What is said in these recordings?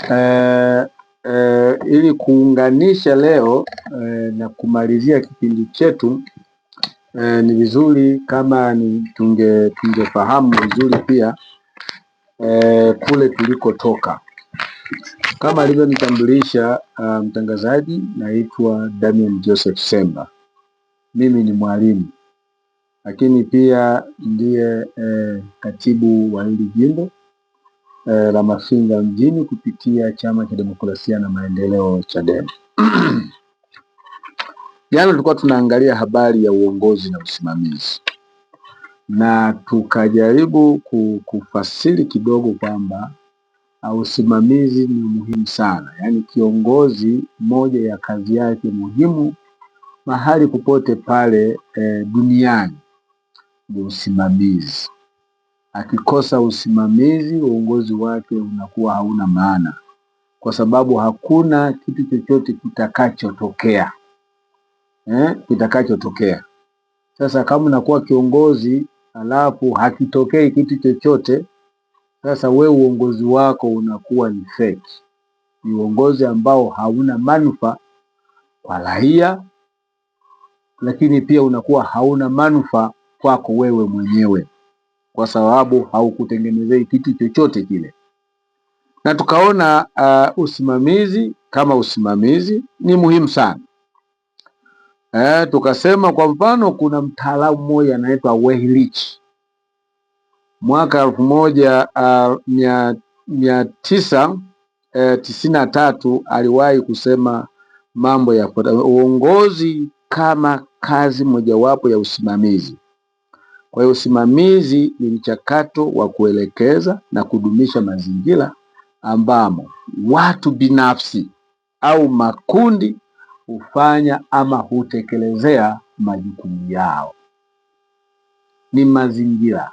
Uh, uh, ili kuunganisha leo uh, na kumalizia kipindi chetu uh, ni vizuri kama ni tunge tungefahamu vizuri pia uh, kule tulikotoka. Kama alivyonitambulisha uh, ah, mtangazaji, naitwa Damian Joseph Semba, mimi ni mwalimu lakini pia ndiye eh, katibu wa hili jimbo eh, la Mafinga mjini kupitia Chama cha Demokrasia na Maendeleo Chadema. Jana tulikuwa tunaangalia habari ya uongozi na usimamizi na tukajaribu kufasiri kidogo kwamba ah, usimamizi ni muhimu sana, yaani kiongozi, moja ya kazi yake muhimu mahali popote pale e, duniani ni usimamizi akikosa usimamizi, uongozi wake unakuwa hauna maana, kwa sababu hakuna kitu chochote kitakachotokea eh, kitakachotokea. Sasa kama unakuwa kiongozi alafu hakitokei kitu chochote, sasa we uongozi wako unakuwa ni fake, ni uongozi ambao hauna manufaa kwa raia, lakini pia unakuwa hauna manufaa kwako wewe mwenyewe kwa sababu haukutengenezei kitu chochote kile. Na tukaona uh, usimamizi kama usimamizi ni muhimu sana. Eh, tukasema kwa mfano kuna mtaalamu mmoja anaitwa Wehlich mwaka elfu moja uh, mia, mia tisa eh, tisini na tatu aliwahi kusema mambo ya uongozi kama kazi mojawapo ya usimamizi. Kwa hiyo usimamizi ni mchakato wa kuelekeza na kudumisha mazingira ambamo watu binafsi au makundi hufanya ama hutekelezea majukumu yao. Ni mazingira,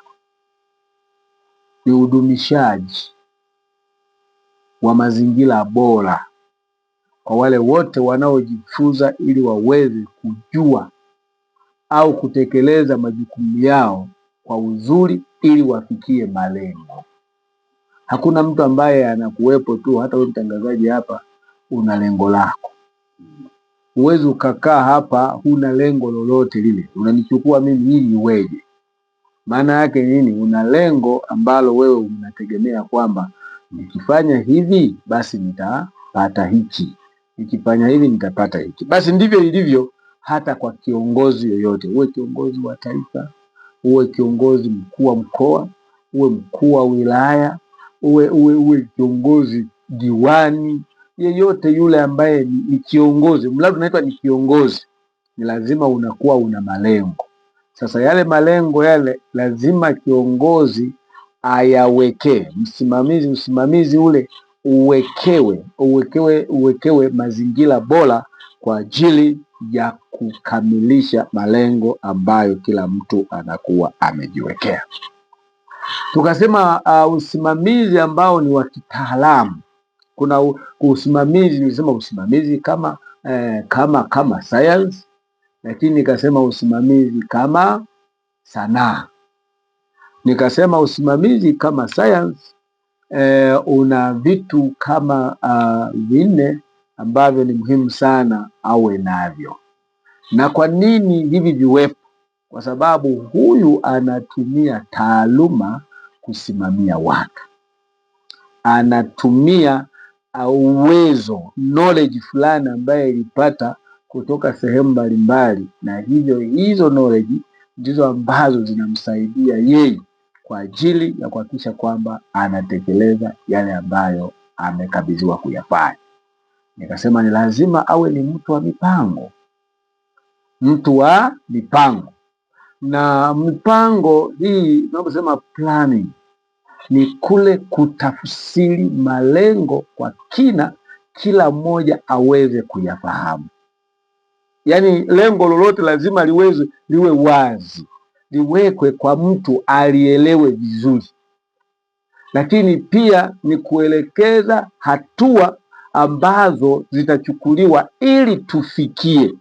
ni udumishaji wa mazingira bora kwa wale wote wanaojifunza ili waweze kujua au kutekeleza majukumu yao kwa uzuri ili wafikie malengo. Hakuna mtu ambaye anakuwepo tu. Hata wewe mtangazaji hapa una lengo lako, huwezi ukakaa hapa huna lengo lolote lile. Unanichukua mimi ili uweje Maana yake nini? Una lengo ambalo wewe unategemea kwamba nikifanya hivi basi nitapata hichi, nikifanya hivi nitapata hichi. Basi ndivyo ilivyo hata kwa kiongozi yoyote, uwe kiongozi wa taifa, uwe kiongozi mkuu wa mkoa, uwe mkuu wa wilaya, uwe uwe uwe kiongozi diwani, yeyote yule ambaye ni, ni kiongozi, mradi unaitwa ni kiongozi, ni lazima unakuwa una malengo. Sasa yale malengo yale lazima kiongozi ayawekee, msimamizi msimamizi ule uwekewe uwekewe uwekewe mazingira bora kwa ajili ya kukamilisha malengo ambayo kila mtu anakuwa amejiwekea. Tukasema uh, usimamizi ambao ni wa kitaalamu. Kuna usimamizi nilisema usimamizi kama eh, kama kama science, lakini nikasema usimamizi kama sanaa, nikasema usimamizi kama science eh, una vitu kama uh, vinne ambavyo ni muhimu sana awe navyo. Na kwa nini hivi viwepo? Kwa sababu huyu anatumia taaluma kusimamia watu, anatumia uwezo knowledge fulani ambaye ilipata kutoka sehemu mbalimbali, na hivyo hizo knowledge ndizo ambazo zinamsaidia yeye kwa ajili ya kuhakikisha kwamba anatekeleza yale ambayo amekabidhiwa kuyafanya. Nikasema ni lazima awe ni mtu wa mipango, mtu wa mipango. Na mipango hii tunaposema planning, ni kule kutafsiri malengo kwa kina, kila mmoja aweze kuyafahamu. Yaani lengo lolote lazima liweze liwe wazi, liwekwe kwa mtu alielewe vizuri, lakini pia ni kuelekeza hatua ambazo zitachukuliwa ili tufikie.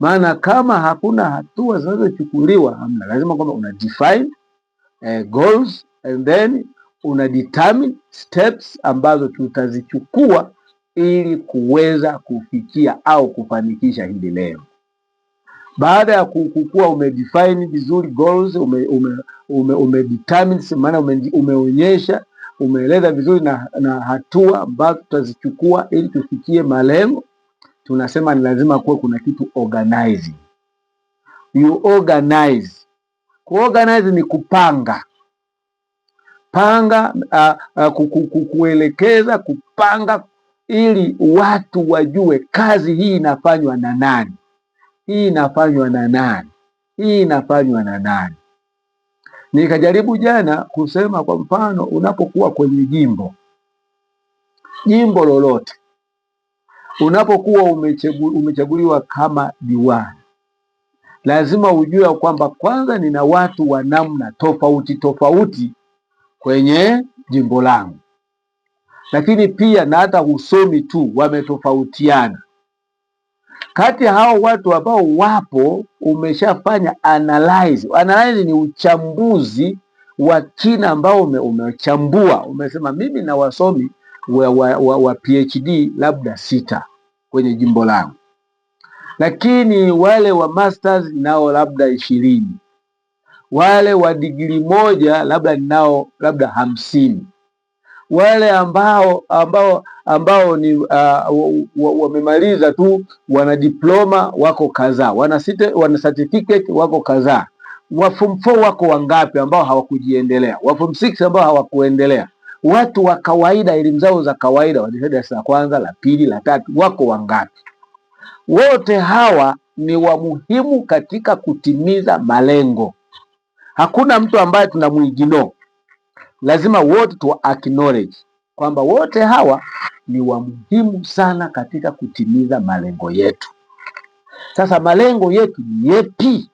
Maana kama hakuna hatua zinazochukuliwa hamna. Lazima kwamba una define eh, goals and then una determine steps ambazo tutazichukua ili kuweza kufikia au kufanikisha hili leo. Baada ya kukuwa umedefine vizuri goals, ume, ume, ume, ume determine maana umeonyesha ume umeeleza vizuri na, na hatua ambazo tutazichukua ili tufikie malengo. Tunasema ni lazima kuwe kuna kitu organize. You organize. Kuorganize ni kupanga panga, uh, uh, kuelekeza kupanga, ili watu wajue kazi hii inafanywa na nani, hii inafanywa na nani, hii inafanywa na nani. Nikajaribu jana kusema kwa mfano, unapokuwa kwenye jimbo jimbo lolote, unapokuwa umechaguliwa kama diwani, lazima ujue kwamba kwanza nina watu wa namna tofauti tofauti kwenye jimbo langu, lakini pia na hata usomi tu wametofautiana kati ya hao watu ambao wapo umeshafanya analyze. Analyze ni uchambuzi wa kina ambao ume, umechambua umesema, mimi na wasomi wa, wa, wa, wa PhD labda sita kwenye jimbo langu, lakini wale wa masters nao labda ishirini, wale wa digrii moja labda ninao labda hamsini wale ambao ambao ambao ni uh, wamemaliza tu, wana diploma wako kadhaa, wana site, wana certificate wako kadhaa. Wa form 4 wako wangapi ambao hawakujiendelea? Wa form 6 ambao hawakuendelea? Watu wa kawaida, elimu zao za kawaida, waliosoma darasa la kwanza, la pili, la tatu, wako wangapi? Wote hawa ni wa muhimu katika kutimiza malengo. Hakuna mtu ambaye tunamwigino lazima wote tu acknowledge kwamba wote hawa ni wa muhimu sana katika kutimiza malengo yetu. Sasa malengo yetu ni yepi?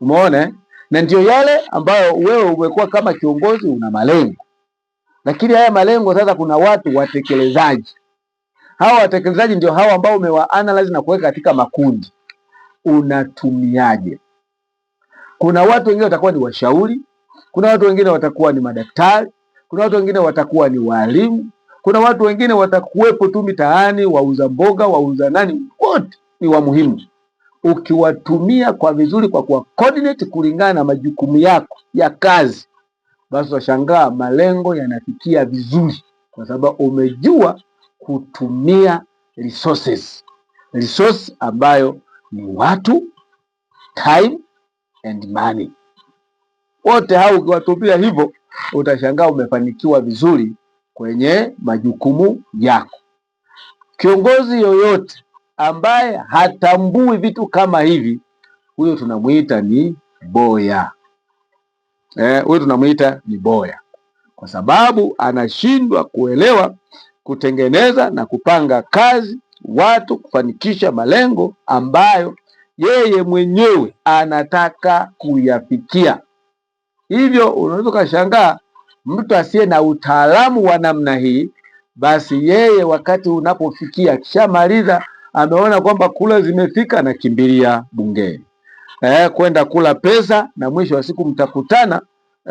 Umeona, na ndiyo yale ambayo wewe umekuwa kama kiongozi una malengo, lakini haya malengo sasa, kuna watu watekelezaji. Hawa watekelezaji ndio hawa ambao umewa analyze na kuweka katika makundi. Unatumiaje? Kuna watu wengine watakuwa ni washauri kuna watu wengine watakuwa ni madaktari, kuna watu wengine watakuwa ni walimu, kuna watu wengine watakuwepo tu mitaani, wauza mboga, wauza nani, wote ni wa muhimu. Ukiwatumia kwa vizuri, kwa kuwa coordinate kulingana na majukumu yako ya kazi, basi utashangaa malengo yanafikia vizuri, kwa sababu umejua kutumia resources, resource ambayo ni watu, time and money wote hao ukiwatupia hivyo, utashangaa umefanikiwa vizuri kwenye majukumu yako. Kiongozi yoyote ambaye hatambui vitu kama hivi, huyo tunamuita ni boya. Eh, huyo tunamuita ni boya kwa sababu anashindwa kuelewa, kutengeneza na kupanga kazi watu kufanikisha malengo ambayo yeye mwenyewe anataka kuyafikia. Hivyo unaweza ukashangaa mtu asiye na utaalamu wa namna hii, basi yeye wakati unapofikia akishamaliza ameona kwamba kula zimefika, anakimbilia bungeni eh, kwenda kula pesa, na mwisho wa siku mtakutana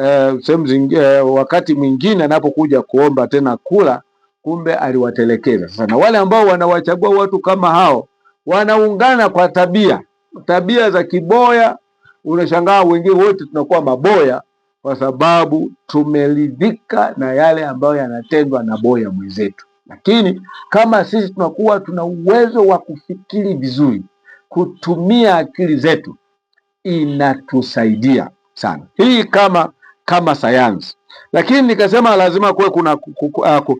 eh, sehemu zingine eh, wakati mwingine anapokuja kuomba tena kula, kumbe aliwatelekeza. Sasa na wale ambao wanawachagua watu kama hao wanaungana kwa tabia tabia za kiboya. Unashangaa wengine wote tunakuwa maboya kwa sababu tumeridhika na yale ambayo yanatendwa na boya mwenzetu. Lakini kama sisi tunakuwa tuna uwezo wa kufikiri vizuri, kutumia akili zetu, inatusaidia sana hii kama kama sayansi. Lakini nikasema lazima kuwe kuna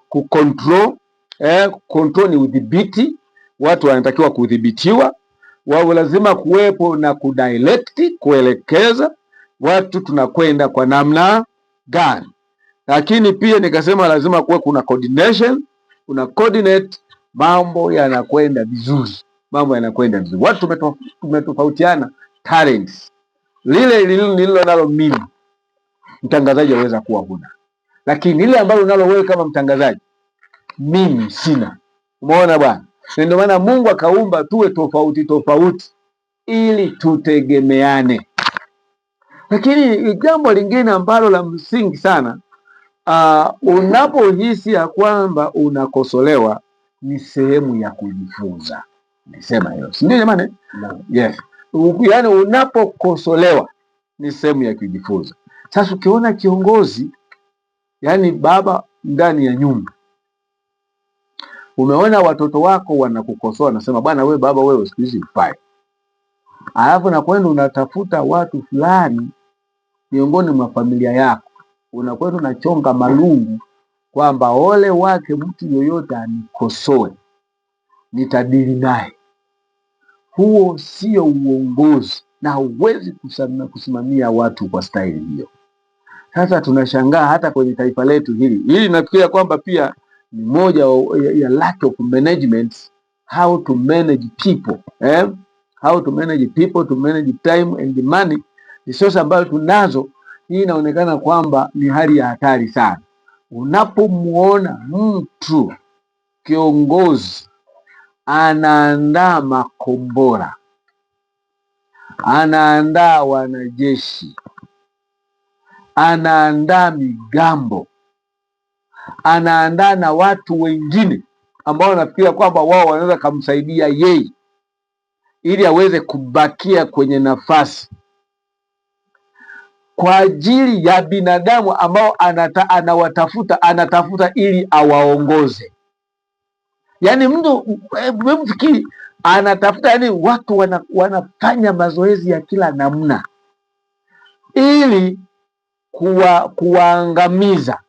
kucontrol. Ah, eh, control ni udhibiti, watu wanatakiwa kudhibitiwa, wao lazima kuwepo na kudirect, kuelekeza watu tunakwenda kwa namna gani. Lakini pia nikasema lazima kuwe kuna coordination, kuna coordinate, mambo yanakwenda vizuri, mambo yanakwenda vizuri. Watu tumetofautiana talents, lile lililo nalo mimi mtangazaji aweza kuwa huna, lakini lile ambalo unalo wewe kama mtangazaji mimi sina. Umeona bwana? Ndio maana Mungu akaumba tuwe tofauti tofauti ili tutegemeane. Lakini jambo lingine ambalo la msingi sana uh, unapohisi ya kwamba unakosolewa ni sehemu ya kujifunza. Nisema hiyo sindio jamani? Yes. Yaani unapokosolewa ni sehemu ya kujifunza. Sasa ukiona kiongozi, yaani baba ndani ya nyumba, umeona watoto wako wanakukosoa, nasema bwana, we baba, wewe siku hizi ufai, alafu nakwenda unatafuta watu fulani miongoni mwa familia yako, unakuwa tunachonga malungu kwamba ole wake mtu yoyote anikosoe, nitadili naye. Huo sio uongozi na huwezi kusimamia watu kwa staili hiyo. Sasa tunashangaa hata kwenye taifa letu hili hili, nafikiria kwamba pia ni moja ya lack of management, how to manage people eh? how to manage people, to manage time and money resources ambayo tunazo, hii inaonekana kwamba ni hali ya hatari sana. Unapomuona mtu kiongozi anaandaa makombora, anaandaa wanajeshi, anaandaa migambo, anaandaa na watu wengine ambao wanafikiria kwamba wao wanaweza kumsaidia yeye ili aweze kubakia kwenye nafasi kwa ajili ya binadamu ambao anata, anawatafuta anatafuta ili awaongoze. Yani mtu mfikiri anatafuta, yani watu wana, wanafanya mazoezi ya kila namna ili kuwa, kuwaangamiza.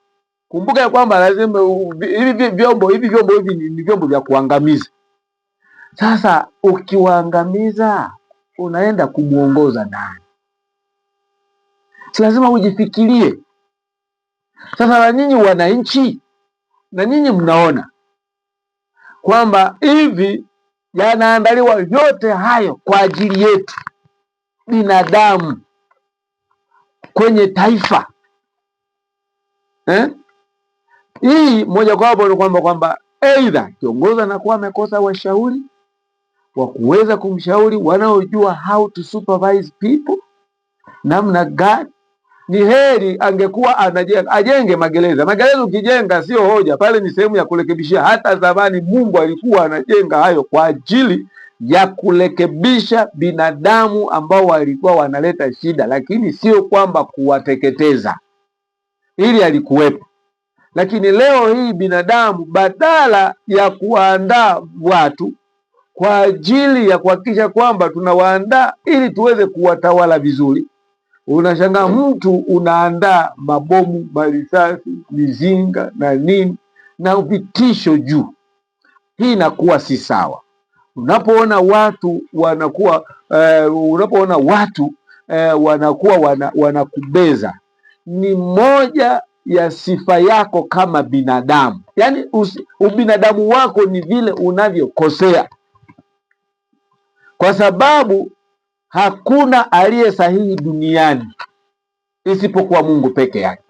Kumbuka ya kwamba lazima hivi vyombo hivi vyombo hivi ni vyombo vya kuangamiza. Sasa ukiwaangamiza unaenda kumwongoza nani? si lazima ujifikirie. Sasa na nyinyi wananchi, na nyinyi mnaona kwamba hivi yanaandaliwa yote hayo kwa ajili yetu binadamu kwenye taifa eh? Hii moja kwa moja ni kwamba kwamba aidha kiongozi anakuwa amekosa washauri wa kuweza kumshauri wanaojua how to supervise people, namna gani ni heri angekuwa anajenga ajenge magereza. Magereza ukijenga sio hoja, pale ni sehemu ya kurekebishia. Hata zamani Mungu alikuwa anajenga hayo kwa ajili ya kurekebisha binadamu ambao walikuwa wanaleta shida, lakini sio kwamba kuwateketeza. Hili alikuwepo, lakini leo hii binadamu badala ya kuwaandaa watu kwa ajili ya kuhakikisha kwamba tunawaandaa ili tuweze kuwatawala vizuri Unashangaa mtu unaandaa mabomu, marisasi, mizinga na nini na vitisho juu. Hii inakuwa si sawa. Unapoona watu wanakuwa uh, unapoona watu uh, wanakuwa wana, wanakubeza ni moja ya sifa yako kama binadamu, yaani usi, ubinadamu wako ni vile unavyokosea, kwa sababu hakuna aliye sahihi duniani isipokuwa Mungu peke yake.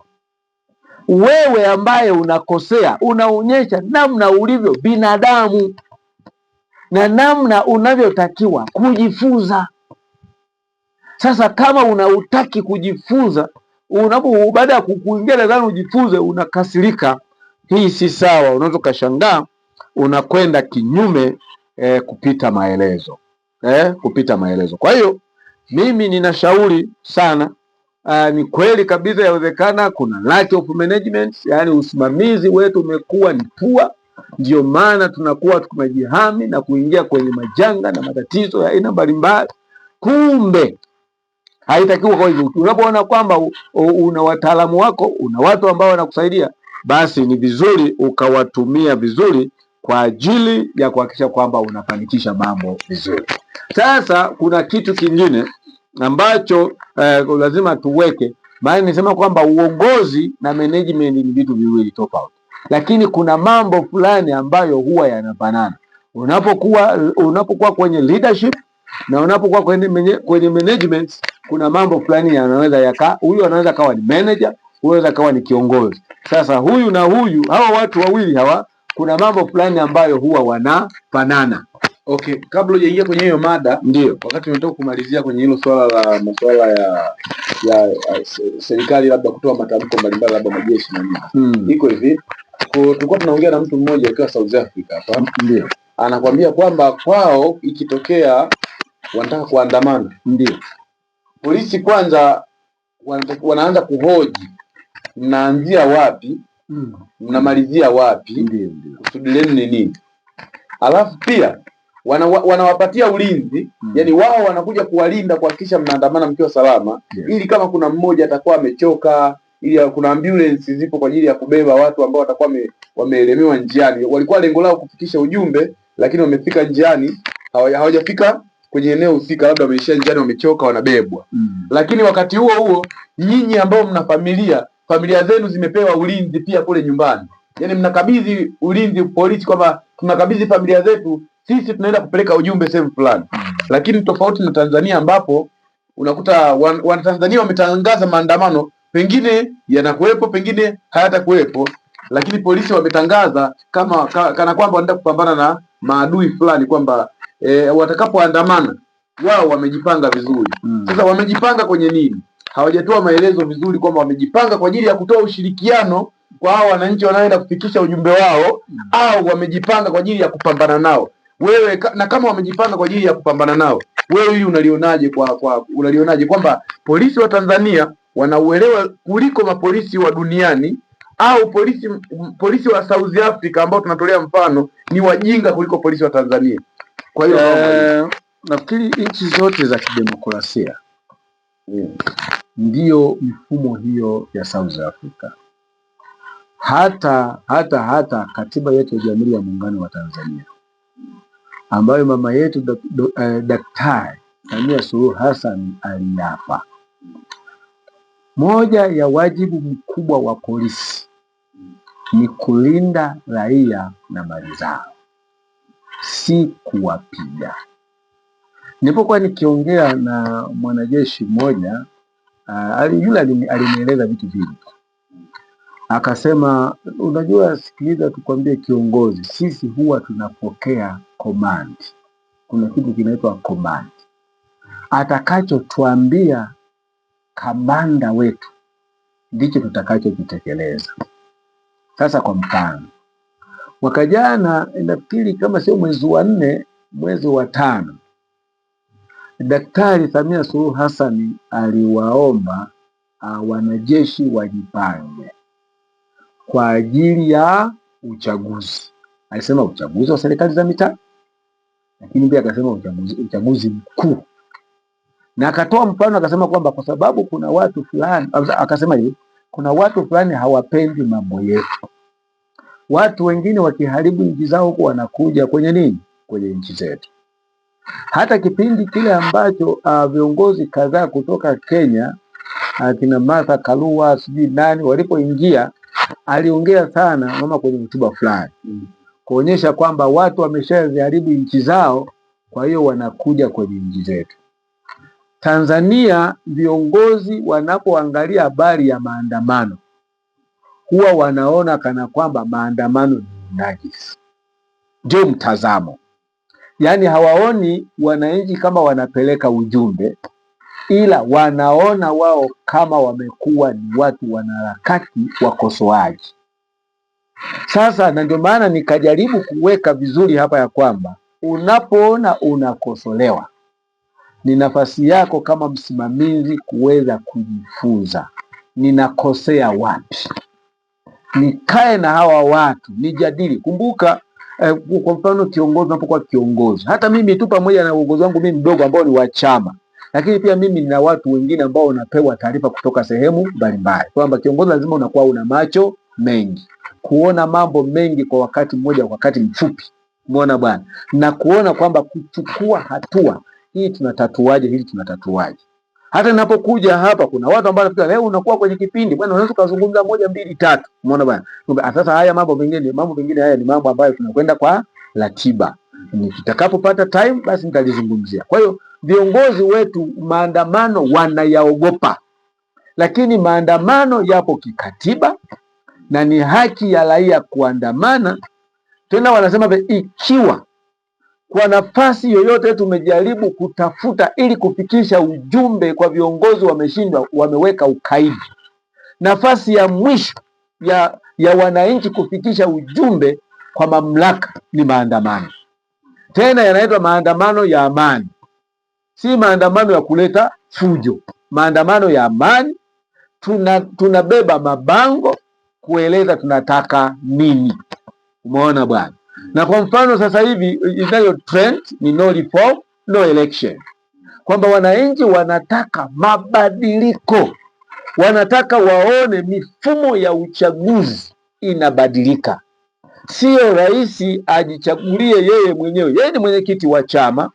Wewe ambaye unakosea unaonyesha namna ulivyo binadamu na namna unavyotakiwa kujifunza. Sasa kama unautaki kujifunza, unapo baada ya kukuingia darasani ujifunze, unakasirika, hii si sawa. Unaweza ukashangaa unakwenda kinyume eh, kupita maelezo eh, kupita maelezo. Kwa hiyo mimi ninashauri sana uh, ni kweli kabisa yawezekana kuna lack of management, yani usimamizi wetu umekuwa ni pua, ndio maana tunakuwa tukimajihami na kuingia kwenye majanga na matatizo ya aina mbalimbali. Kumbe haitakiwa kwa hivyo. Unapoona kwamba una wataalamu wako, una watu ambao wanakusaidia, basi ni vizuri ukawatumia vizuri kwa ajili ya kuhakikisha kwamba unafanikisha mambo vizuri. Sasa kuna kitu kingine ambacho eh, lazima tuweke, maana nisema kwamba uongozi na management ni vitu viwili tofauti, lakini kuna mambo fulani ambayo huwa yanafanana unapokuwa unapokuwa kwenye leadership na unapokuwa kwenye, kwenye management kuna mambo fulani yanaweza yaka, huyu anaweza kawa ni manager, huyu anaweza kawa ni kiongozi. Sasa huyu na huyu, hawa watu wawili hawa, kuna mambo fulani ambayo huwa wanafanana. Okay, kabla hujaingia kwenye hiyo mada, ndio wakati unataka kumalizia kwenye hilo swala la masuala ya ya serikali labda kutoa matamko mbalimbali labda majeshi na nini. Hmm. Iko hivi. Tulikuwa tunaongea na mtu mmoja akiwa South Africa hapa. Ndio. Anakwambia kwamba kwao ikitokea wanataka kuandamana. Ndio. Polisi kwanza wanaanza kuhoji mnaanzia wapi? Hmm. Mnamalizia wapi? Kusudi lenu ni nini? Alafu pia wanawapatia wana ulinzi mm. Yani wao wanakuja kuwalinda kuhakikisha mnaandamana mkiwa salama yeah. Ili kama kuna mmoja atakuwa amechoka, ili kuna ambulance zipo kwa ajili ya kubeba watu ambao watakuwa wameelemewa njiani. Walikuwa lengo lao kufikisha ujumbe, lakini wamefika njiani hawajafika kwenye eneo husika, labda wameishia njiani, wamechoka, wanabebwa mm. Lakini wakati huo huo nyinyi ambao mna familia, familia zenu zimepewa ulinzi pia kule nyumbani, yani mnakabidhi ulinzi polisi, kwamba tunakabidhi familia zetu sisi tunaenda kupeleka ujumbe sehemu fulani, lakini tofauti na Tanzania ambapo unakuta Wanatanzania wan wametangaza maandamano, pengine yanakuwepo, pengine hayatakuwepo, lakini polisi wametangaza kama ka, kana kwamba wanaenda kupambana na maadui fulani kwamba e, watakapoandamana wao wamejipanga vizuri mm. Sasa wamejipanga kwenye nini? Hawajatoa maelezo vizuri kwamba wamejipanga kwa ajili ya kutoa ushirikiano kwa hao wananchi wanaoenda kufikisha ujumbe wao mm. au wamejipanga kwa ajili ya kupambana nao wewe na kama wamejipanga kwa ajili ya kupambana nao, wewe hili unalionaje? Kwa, kwa unalionaje kwamba polisi wa Tanzania wanauelewa kuliko mapolisi wa duniani au polisi polisi wa South Africa ambao tunatolea mfano ni wajinga kuliko polisi wa Tanzania? Kwa hiyo eh, nafikiri nchi zote za kidemokrasia mm. ndio ndiyo mfumo hiyo ya South Africa. Hata hata hata katiba yetu ya Jamhuri ya Muungano wa Tanzania ambayo mama yetu eh, Daktari Samia Suluhu Hassan aliyapa. Moja ya wajibu mkubwa wa polisi ni kulinda raia na mali zao, si kuwapiga. Nilipokuwa nikiongea na mwanajeshi mmoja uh, yule alinieleza vitu vingi, akasema, unajua, sikiliza tukwambie kiongozi, sisi huwa tunapokea command. Kuna kitu kinaitwa command, atakachotuambia kamanda wetu ndicho tutakachokitekeleza. Sasa kwa mfano, mwaka jana, nafikiri kama sio mwezi wa nne, mwezi wa tano, Daktari Samia Suluhu Hassan aliwaomba uh, wanajeshi wajipange kwa ajili ya uchaguzi. Alisema uchaguzi wa serikali za mitaa, lakini pia akasema uchaguzi, uchaguzi mkuu na akatoa mfano akasema kwamba kwa sababu kuna watu fulani, akasema hivi, kuna watu fulani hawapendi mambo yetu. Watu wengine wakiharibu nchi zao huko wanakuja kwenye nini, kwenye nchi zetu. Hata kipindi kile ambacho uh, viongozi kadhaa kutoka Kenya akina ah, uh, Martha Karua sijui nani walipoingia, aliongea sana mama kwenye hotuba fulani mm kuonyesha kwamba watu wameshaziharibu nchi zao, kwa hiyo wanakuja kwenye nchi zetu. Tanzania, viongozi wanapoangalia habari ya maandamano huwa wanaona kana kwamba maandamano ni unajisi, ndio mtazamo. Yaani hawaoni wananchi kama wanapeleka ujumbe, ila wanaona wao kama wamekuwa ni watu wanaharakati, wakosoaji. Sasa na ndio maana nikajaribu kuweka vizuri hapa ya kwamba unapoona unakosolewa, ni nafasi yako kama msimamizi kuweza kujifunza, ninakosea wapi? Nikae na hawa watu nijadili. Kumbuka eh, kwa mfano kiongozi, unapokuwa kiongozi, hata mimi tu pamoja na uongozi wangu mimi mdogo ambao ni wa chama lakini pia mimi nina watu wengine ambao wanapewa taarifa kutoka sehemu mbalimbali, kwamba kiongozi lazima unakuwa una macho mengi kuona mambo mengi kwa wakati mmoja, kwa wakati mfupi. Umeona bwana, na kuona kwamba kuchukua hatua hii, tunatatuaje hili, tunatatuaje hata ninapokuja hapa kuna watu ambao nafikiri leo unakuwa kwenye kipindi bwana, unaweza kuzungumza moja mbili tatu. Umeona bwana, Kumbe ah, sasa haya mambo mengine, mambo mengine haya ni mambo ambayo tunakwenda kwa ratiba, nitakapopata time basi nitalizungumzia. Kwa hiyo viongozi wetu maandamano wanayaogopa, lakini maandamano yapo kikatiba, na ni haki ya raia kuandamana. Tena wanasema ikiwa kwa nafasi yoyote tumejaribu kutafuta ili kufikisha ujumbe kwa viongozi, wameshindwa, wameweka ukaidi. Nafasi ya mwisho ya, ya wananchi kufikisha ujumbe kwa mamlaka ni maandamano, tena yanaitwa maandamano ya amani, si maandamano ya kuleta fujo, maandamano ya amani. Tuna tunabeba mabango kueleza tunataka nini. Umeona bwana? Na kwa mfano sasa hivi inayo trend ni no reform no election, kwamba wananchi wanataka mabadiliko, wanataka waone mifumo ya uchaguzi inabadilika. Siyo rais ajichagulie yeye mwenyewe, yeye ni mwenyekiti wa chama,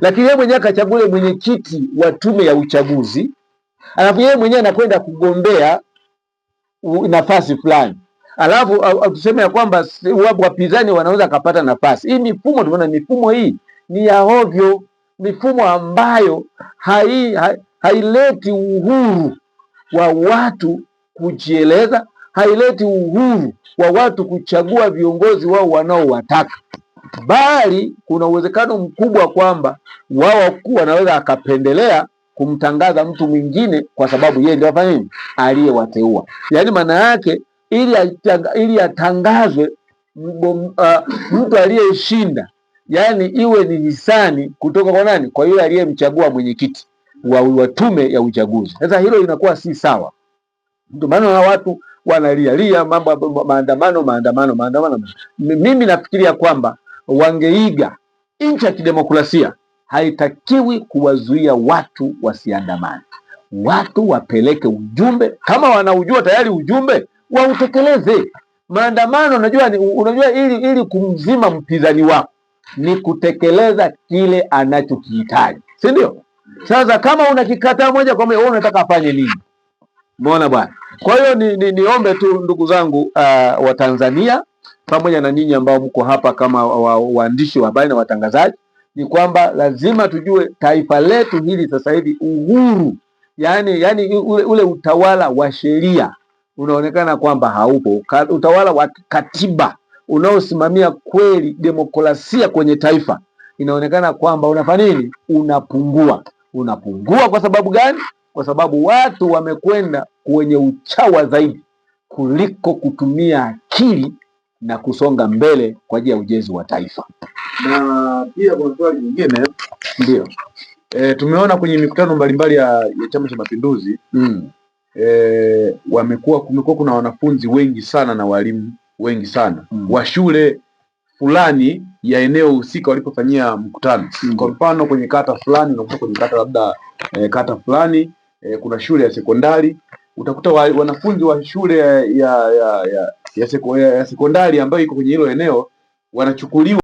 lakini yeye mwenyewe akachagulie mwenyekiti wa tume ya uchaguzi, alafu yeye mwenyewe anakwenda kugombea nafasi fulani, alafu tuseme ya kwamba wapinzani wanaweza akapata nafasi hii. Mifumo tumeona mifumo hii ni ya ovyo, mifumo ambayo hai, hai, haileti uhuru wa watu kujieleza, haileti uhuru wa watu kuchagua viongozi wao wanaowataka, bali kuna uwezekano mkubwa kwamba wao wakuu wanaweza akapendelea kumtangaza mtu mwingine, kwa sababu yeye ndio afanye nini, aliyewateua. Yaani maana yake ili atanga, ili atangazwe uh, mtu aliyeshinda, yaani iwe ni hisani kutoka kwa nani? Kwa yule aliyemchagua mwenyekiti wa, wa tume ya uchaguzi. Sasa hilo linakuwa si sawa, ndio maana na watu wanalialia mambo maandamano maandamano maandamano. Mimi nafikiria kwamba wangeiga nchi ya kidemokrasia haitakiwi kuwazuia watu wasiandamane. Watu wapeleke ujumbe, kama wanaujua tayari ujumbe wautekeleze. Maandamano unajua ni, unajua ili ili kumzima mpinzani wako ni kutekeleza kile anachokihitaji, si ndio? Sasa kama unakikataa moja kwa moja, unataka afanye nini? mona bwana. Kwa hiyo ni, ni, niombe tu ndugu zangu uh, wa Tanzania pamoja na nyinyi ambao mko hapa kama waandishi wa, wa habari na watangazaji ni kwamba lazima tujue taifa letu hili sasa hivi uhuru, yani, yani ule, ule utawala wa sheria unaonekana kwamba haupo, utawala wa katiba unaosimamia kweli demokrasia kwenye taifa inaonekana kwamba unafanya nini, unapungua. Unapungua kwa sababu gani? Kwa sababu watu wamekwenda kwenye uchawa zaidi kuliko kutumia akili na kusonga mbele kwa ajili ya ujenzi wa taifa. Na pia kuna swali nyingine ndio, e, tumeona kwenye mikutano mbalimbali ya, ya Chama cha Mapinduzi mm. e, wamekuwa kumekuwa kuna wanafunzi wengi sana na walimu wengi sana mm. wa shule fulani ya eneo husika walipofanyia mkutano mm. kwa mfano kwenye kata fulani unakuta kwenye kata labda e, kata fulani e, kuna shule ya sekondari utakuta wa, wanafunzi wa shule ya, ya, ya, ya ya sekondari ambayo iko kwenye hilo eneo wanachukuliwa